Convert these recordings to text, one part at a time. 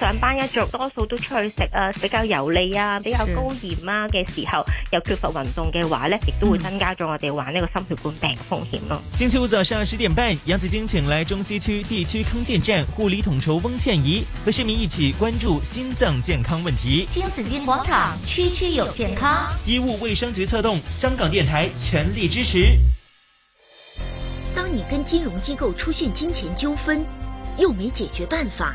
上班一族多數都出去食啊，比較油膩啊，比較高鹽啊嘅時候，又缺乏運動嘅話呢，亦都會增加咗我哋患呢個心血管病風險咯、啊嗯。星期五早上十點半，楊紫晶請來中西區地區康健站護理統籌翁，翁倩怡，和市民一起關注心臟健康問題。新紫金廣場區區有健康，醫務衛生局策動，香港電台全力支持。當你跟金融機構出現金錢糾紛，又沒解決辦法。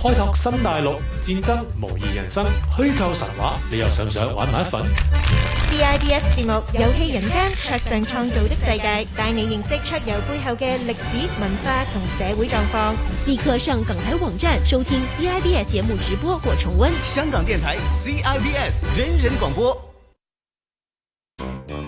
開拓新大陸、戰爭模擬人生、虛構神話，你又想唔想玩埋一份？CIBS 節目遊戲人間，桌上創造的世界，帶你認識出遊背後嘅歷史、文化同社會狀況。立刻上港台網站收聽 CIBS 節目直播或重溫。香港電台 CIBS 人人廣播。嗯嗯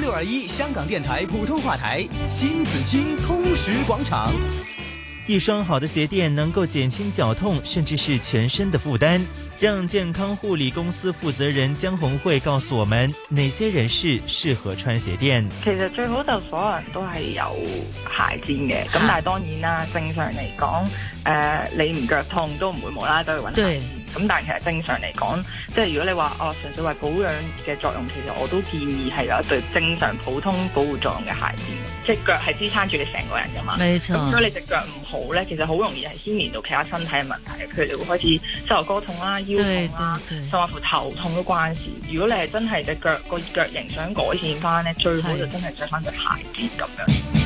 六二一香港電台普通話台新紫清通識廣場，一雙好的鞋墊能夠減輕腳痛，甚至是全身的負擔。讓健康護理公司負責人江紅慧告訴我們，哪些人士適合穿鞋墊？其實最好就是所有人都係有鞋墊嘅，咁但係當然啦，正常嚟講，誒、呃，你唔腳痛都唔會無啦啦走去咁但係其實正常嚟講，即係如果你話哦，純粹為保養嘅作用，其實我都建議係有一對正常普通保護作用嘅鞋墊，即係腳係支撐住你成個人㗎嘛。冇錯。咁所以你隻腳唔好咧，其實好容易係牽連到其他身體嘅問題，譬如你會開始膝頭哥痛啦、腰痛啦，甚至乎頭痛都關事。如果你係真係隻腳個腳型想改善翻咧，最好就真係着翻對鞋墊咁樣。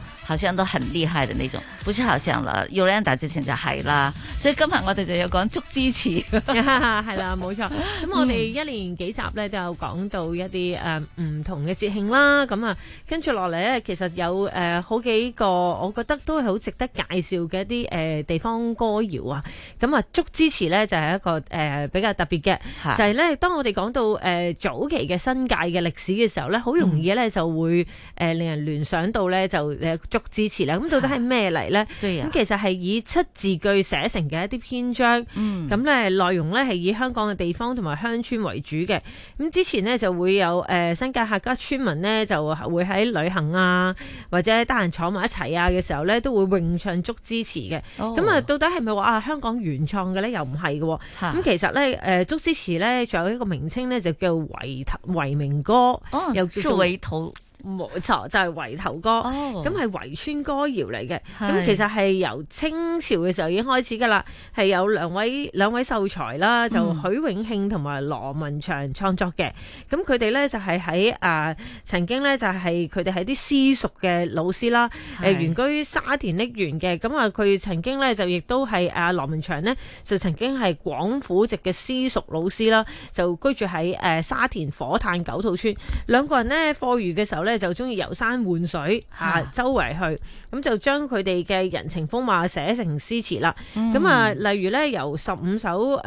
好像都很厲害的那種，不是好像啦，Ulyanda 之前就係啦，所以今日我哋就要講竹枝詞，係 啦，冇錯。咁我哋一連幾集咧都有講到一啲誒唔同嘅節慶啦，咁、嗯、啊、嗯嗯嗯，跟住落嚟咧，其實有誒、呃、好幾個，我覺得都係好值得介紹嘅一啲誒、呃、地方歌謠啊，咁、嗯、啊，竹枝詞咧就係一個誒、呃、比較特別嘅，就係、是、咧當我哋講到誒、呃、早期嘅新界嘅歷史嘅時候咧，好容易咧就會，嗯誒、呃、令人聯想到咧，就誒竹枝詞咧。咁、嗯、到底係咩嚟咧？咁、啊、其實係以七字句寫成嘅一啲篇章。咁、嗯、咧、嗯、內容咧係以香港嘅地方同埋鄉村為主嘅。咁、嗯、之前咧就會有誒新界客家村民咧就會喺旅行啊，或者得閒坐埋一齊啊嘅時候咧都會詠唱竹枝詞嘅。咁、哦、啊、嗯，到底係咪話啊香港原創嘅咧？又唔係嘅。咁、啊嗯、其實咧誒竹枝詞咧仲有一個名稱咧就叫維頭明歌、哦，又叫做冇錯，就係圍頭歌，咁係圍村歌謠嚟嘅。咁其實係由清朝嘅時候已經開始㗎啦。係有兩位兩位秀才啦，就許永慶同埋羅文祥創作嘅。咁佢哋咧就係喺誒，曾經咧就係佢哋係啲私塾嘅老師啦。誒、呃、原居沙田瀝源嘅。咁啊，佢曾經咧就亦都係誒羅文祥咧就曾經係廣府籍嘅私塾老師啦。就居住喺誒沙田火炭九肚村。兩個人咧課餘嘅時候咧，就中意遊山玩水嚇、啊，周圍去咁，啊、就將佢哋嘅人情風貌寫成詩詞啦。咁、嗯、啊，例如咧由十五首誒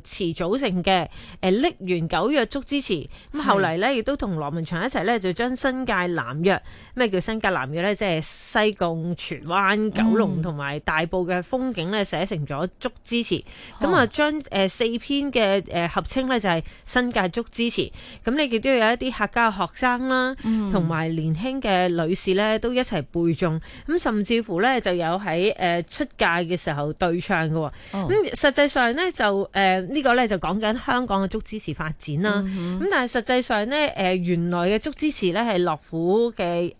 詞組成嘅誒溺完九約竹枝詞，咁、嗯、後嚟咧亦都同羅文祥一齊咧就將新界南約，咩叫新界南約咧，即係西貢荃灣九龍同埋大埔嘅風景咧寫成咗竹枝詞，咁、嗯、啊，啊，將誒四、呃、篇嘅誒、呃、合稱咧就係，是，新界竹枝詞，咁、嗯、你亦都要有一啲客家學生啦，同、嗯。同埋年輕嘅女士咧，都一齊背誦，咁甚至乎咧就有喺誒出嫁嘅時候對唱嘅，咁、oh. 實際上咧就誒、呃這個、呢個咧就講緊香港嘅竹枝詞發展啦，咁、mm -hmm. 但係實際上咧誒、呃、原來嘅竹枝詞咧係樂府嘅。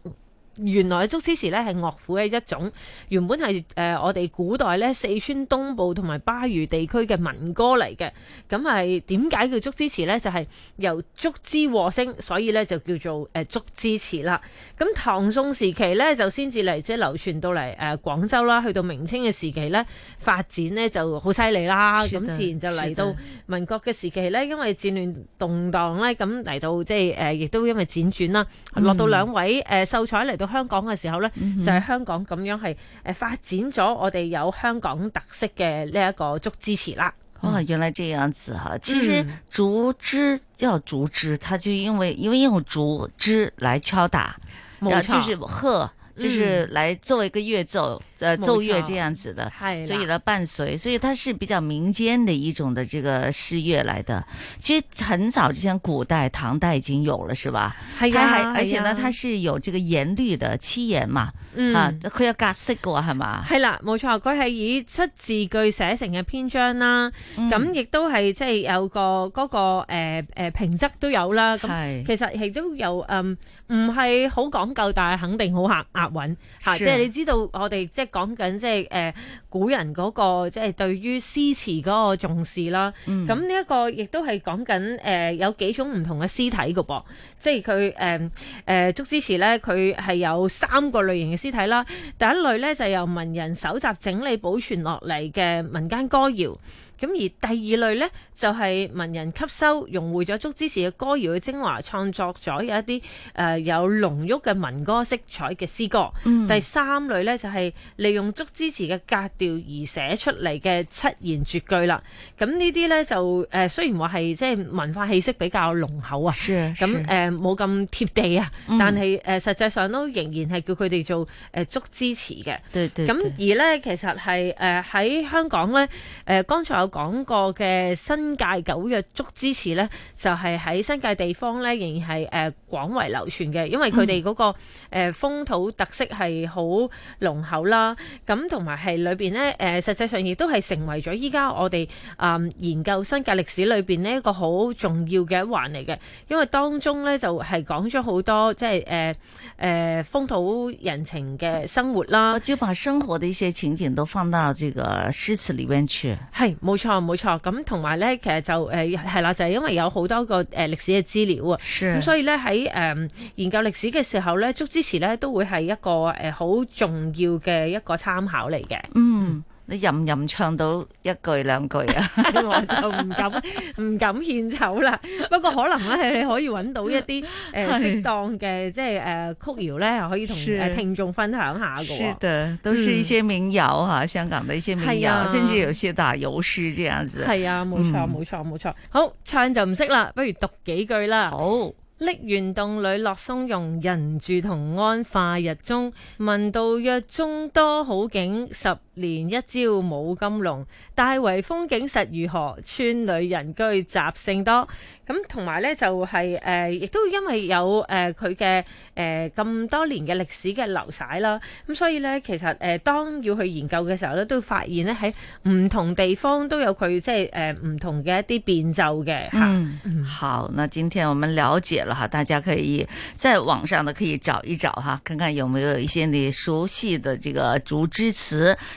原來竹枝詞呢係樂府嘅一種，原本係誒、呃、我哋古代咧四川東部同埋巴渝地區嘅民歌嚟嘅。咁係點解叫竹枝詞呢？就係、是、由竹枝和聲，所以呢就叫做誒竹枝詞啦。咁唐宋時期呢，就先至嚟即係流傳到嚟誒、呃、廣州啦，去到明清嘅時期呢，發展呢就好犀利啦。咁自然就嚟到民國嘅時期呢，因為戰亂動盪呢，咁嚟到即係誒、呃、亦都因為輾轉啦、嗯，落到兩位誒、呃、秀才嚟到。香港嘅時候咧，就係、是、香港咁樣係誒發展咗我哋有香港特色嘅呢一個竹枝詞啦、嗯。哦，原來這樣子嚇。其實竹枝叫竹枝，佢就因為因為用竹枝來敲打，就是喝。就是來做一個樂奏，嗯、呃奏樂這樣子的，所以呢伴隨，所以它是比較民間的一種的這個詩樂來的。其實很早之前，古代唐代已經有了，是吧？係啦、啊。還還、啊、而且呢、啊，它是有這個言律的七言嘛？嗯。啊，佢有格式嘅係嘛？係啦，冇錯，佢係以七字句寫成嘅篇章啦。咁、嗯、亦都係即係有個嗰、那個誒誒平仄都有啦。係。其實係都有嗯。唔係好講究，但係肯定好吓押韻吓。Sure. 即係你知道我哋即係講緊即係誒古人嗰個即係對於詩詞嗰個重視啦。咁呢一個亦都係講緊誒有幾種唔同嘅詩體㗎噃。即係佢誒誒竹枝詞咧，佢係有三個類型嘅詩體啦。第一類咧就由文人搜集整理保存落嚟嘅民間歌謠。咁而第二類咧，就係、是、文人吸收融匯咗竹枝詞嘅歌謠嘅精華創作咗、呃、有一啲誒有濃郁嘅民歌色彩嘅詩歌、嗯。第三類咧，就係、是、利用竹枝詞嘅格調而寫出嚟嘅七言絕句啦。咁、嗯、呢啲咧就誒、呃、雖然話係即係文化氣息比較濃厚啊，咁誒冇咁貼地啊，呃、地但係誒、嗯、實際上都仍然係叫佢哋做誒竹枝詞嘅。對對。咁而咧，其實係誒喺香港咧誒剛才有講過嘅新界九約竹枝詞呢，就係、是、喺新界地方呢，仍然係誒廣為流傳嘅，因為佢哋嗰個誒、嗯呃、風土特色係好濃厚啦。咁同埋係裏邊呢，誒、呃，實際上亦都係成為咗依家我哋啊、呃、研究新界歷史裏邊呢一個好重要嘅一環嚟嘅。因為當中呢，就係講咗好多即係誒誒風土人情嘅生活啦。只要把生活的一些情景都放到這個詩詞裏面去，係冇。冇錯，冇錯。咁同埋咧，其實就誒係啦，就係、是、因為有好多個誒歷史嘅資料啊。咁所以咧，喺誒研究歷史嘅時候咧，竹枝詞咧都會係一個誒好重要嘅一個參考嚟嘅。嗯。你吟吟唱到一句兩句啊，我就唔敢唔敢獻醜啦。不過可能咧，你可以揾到一啲誒適當嘅，即係誒曲謠咧，可以同誒聽眾分享下嘅。嗯。是的，都是一些名謠吓，香港的一些名謠，甚至有些打油詩這樣子。係、嗯、啊，冇錯冇錯冇錯。好唱就唔識啦，不如讀幾句啦。好，匿玄洞裏落松茸，人住同安化日中，聞道約中多好景十。連一朝冇金龍，大圍風景實如何？村裏人居雜姓多。咁同埋呢，就係誒，亦都因為有誒佢嘅誒咁多年嘅歷史嘅流曬啦。咁所以呢，其實誒當要去研究嘅時候呢，都發現呢喺唔同地方都有佢即係誒唔同嘅一啲變奏嘅。吓、嗯嗯，好，那今天我們了解了哈，大家可以在網上呢可以找一找哈，看看有沒有一些你熟悉的這個竹枝詞。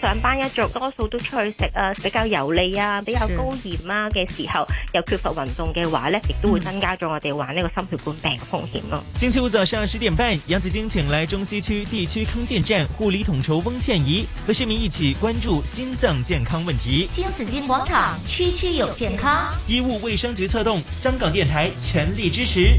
上班一族多數都出去食啊，比較油膩啊，比較高鹽啊嘅時候，又缺乏運動嘅話呢，亦都會增加咗我哋患呢個心血管病嘅風險咯、啊嗯。星期五早上十點半，楊紫晶請來中西區地區康健站護理統籌翁，翁倩怡，和市民一起關注心臟健康問題。新紫金廣場區區有健康，醫務衛生局策動，香港電台全力支持。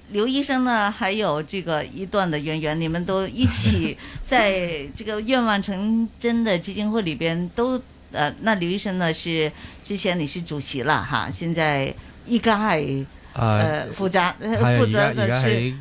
劉醫生呢，還有這個一段的淵源，你們都一起在這個願望成真的基金會裏邊都，誒、呃，那劉醫生呢是之前你是主席啦，哈，現在依家係，誒、呃，負、啊、責負、啊、責的是，依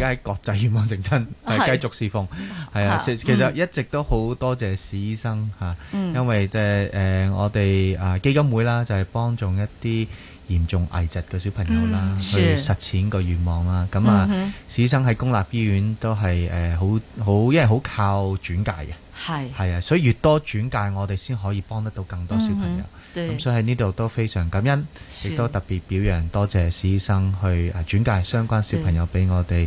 家、啊、國際願望成真係繼、啊、續侍奉，係啊，其、啊嗯、其實一直都好多謝史醫生吓、啊嗯，因為即係誒我哋啊基金會啦，就係、是、幫助一啲。嚴重危疾嘅小朋友啦、嗯，去實踐個願望啦。咁啊、嗯，史醫生喺公立醫院都係誒好好，因為好靠轉介嘅，係係啊，所以越多轉介，我哋先可以幫得到更多小朋友。咁、嗯、所以喺呢度都非常感恩，亦都特別表揚多謝史醫生去轉介相關小朋友俾我哋。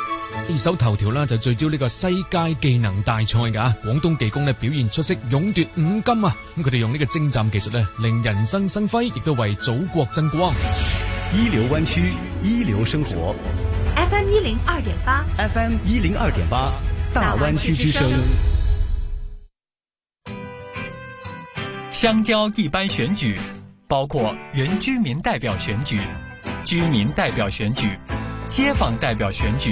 二手頭條啦，就聚焦呢個世界技能大賽嘅、啊、廣東技工呢表現出色，勇奪五金啊！咁佢哋用呢個精湛技術呢令人生生輝，亦都為祖國爭光。一流灣區，一流生活。F M 一零二點八，F M 一零二點八，大灣區之聲。鄉郊一般選舉包括原居民代表選舉、居民代表選舉、街坊代表選舉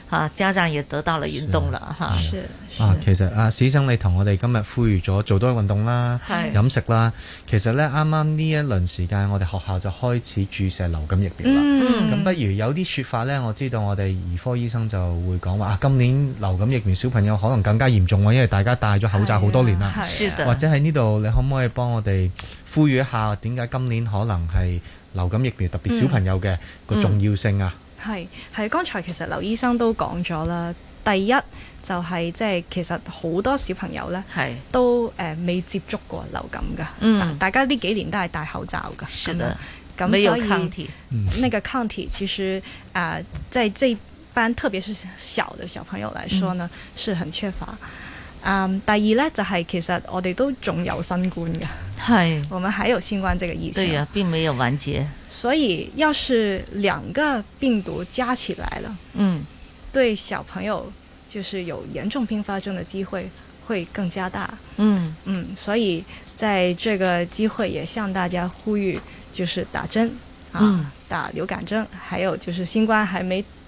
啊！家長也得到了運動了。啊，啊，啊，啊，啊，啊，其實、啊、史生你同我哋今日呼籲咗做多運動啦、啊，飲食啦。其實呢，啱啱呢一輪時間，我哋學校就開始注射流感疫苗啦。咁、嗯、不如有啲說法呢？我知道我哋兒科醫生就會講話、啊，今年流感疫苗小朋友可能更加嚴重、啊、因為大家戴咗口罩好多年啦、啊啊。或者喺呢度，你可唔可以幫我哋呼籲一下，點解今年可能係流感疫苗特別小朋友嘅個重要性啊？係係，剛才其實劉醫生都講咗啦。第一就係即係其實好多小朋友咧，都誒未、呃、接觸過流感噶。嗯，大家呢幾年都係戴口罩噶。係啦。咁所以，咁、那、呢個抗體其實誒，即、呃、係這班特別是小嘅小朋友嚟說呢、嗯，是很缺乏。嗯、um，第二呢，就係其實我哋都仲、hey, 有新冠嘅，係，我們還有新冠呢個疫情，對啊，並沒有完結，所以要是兩個病毒加起來了，嗯，對小朋友就是有嚴重併發症的機會會更加大，嗯嗯，所以在這個機會也向大家呼籲，就是打針啊、嗯，打流感針，還有就是新冠還沒。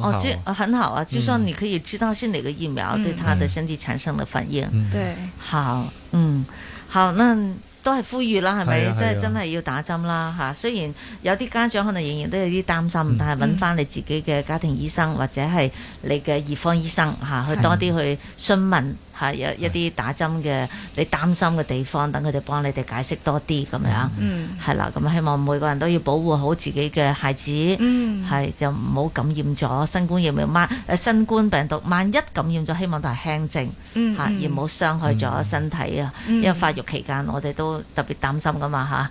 哦，就很好啊，就算你可以知道是哪個疫苗對他的身體產生了反應，對、嗯，好對，嗯，好，那都係呼籲啦，係咪？即係、啊就是、真係要打針啦，吓、啊啊！雖然有啲家長可能仍然都有啲擔心，嗯、但係揾翻你自己嘅家庭醫生、嗯、或者係你嘅兒科醫生吓、啊，去多啲去詢問。係、啊、一一啲打針嘅，你擔心嘅地方，等佢哋幫你哋解釋多啲咁樣，係、嗯、啦。咁希望每個人都要保護好自己嘅孩子，係、嗯、就唔好感染咗新冠疫苗萬，誒新冠病毒，萬一感染咗，希望都係輕症，嚇、嗯啊、而唔好傷害咗身體啊、嗯！因為發育期間，我哋都特別擔心噶嘛嚇。啊。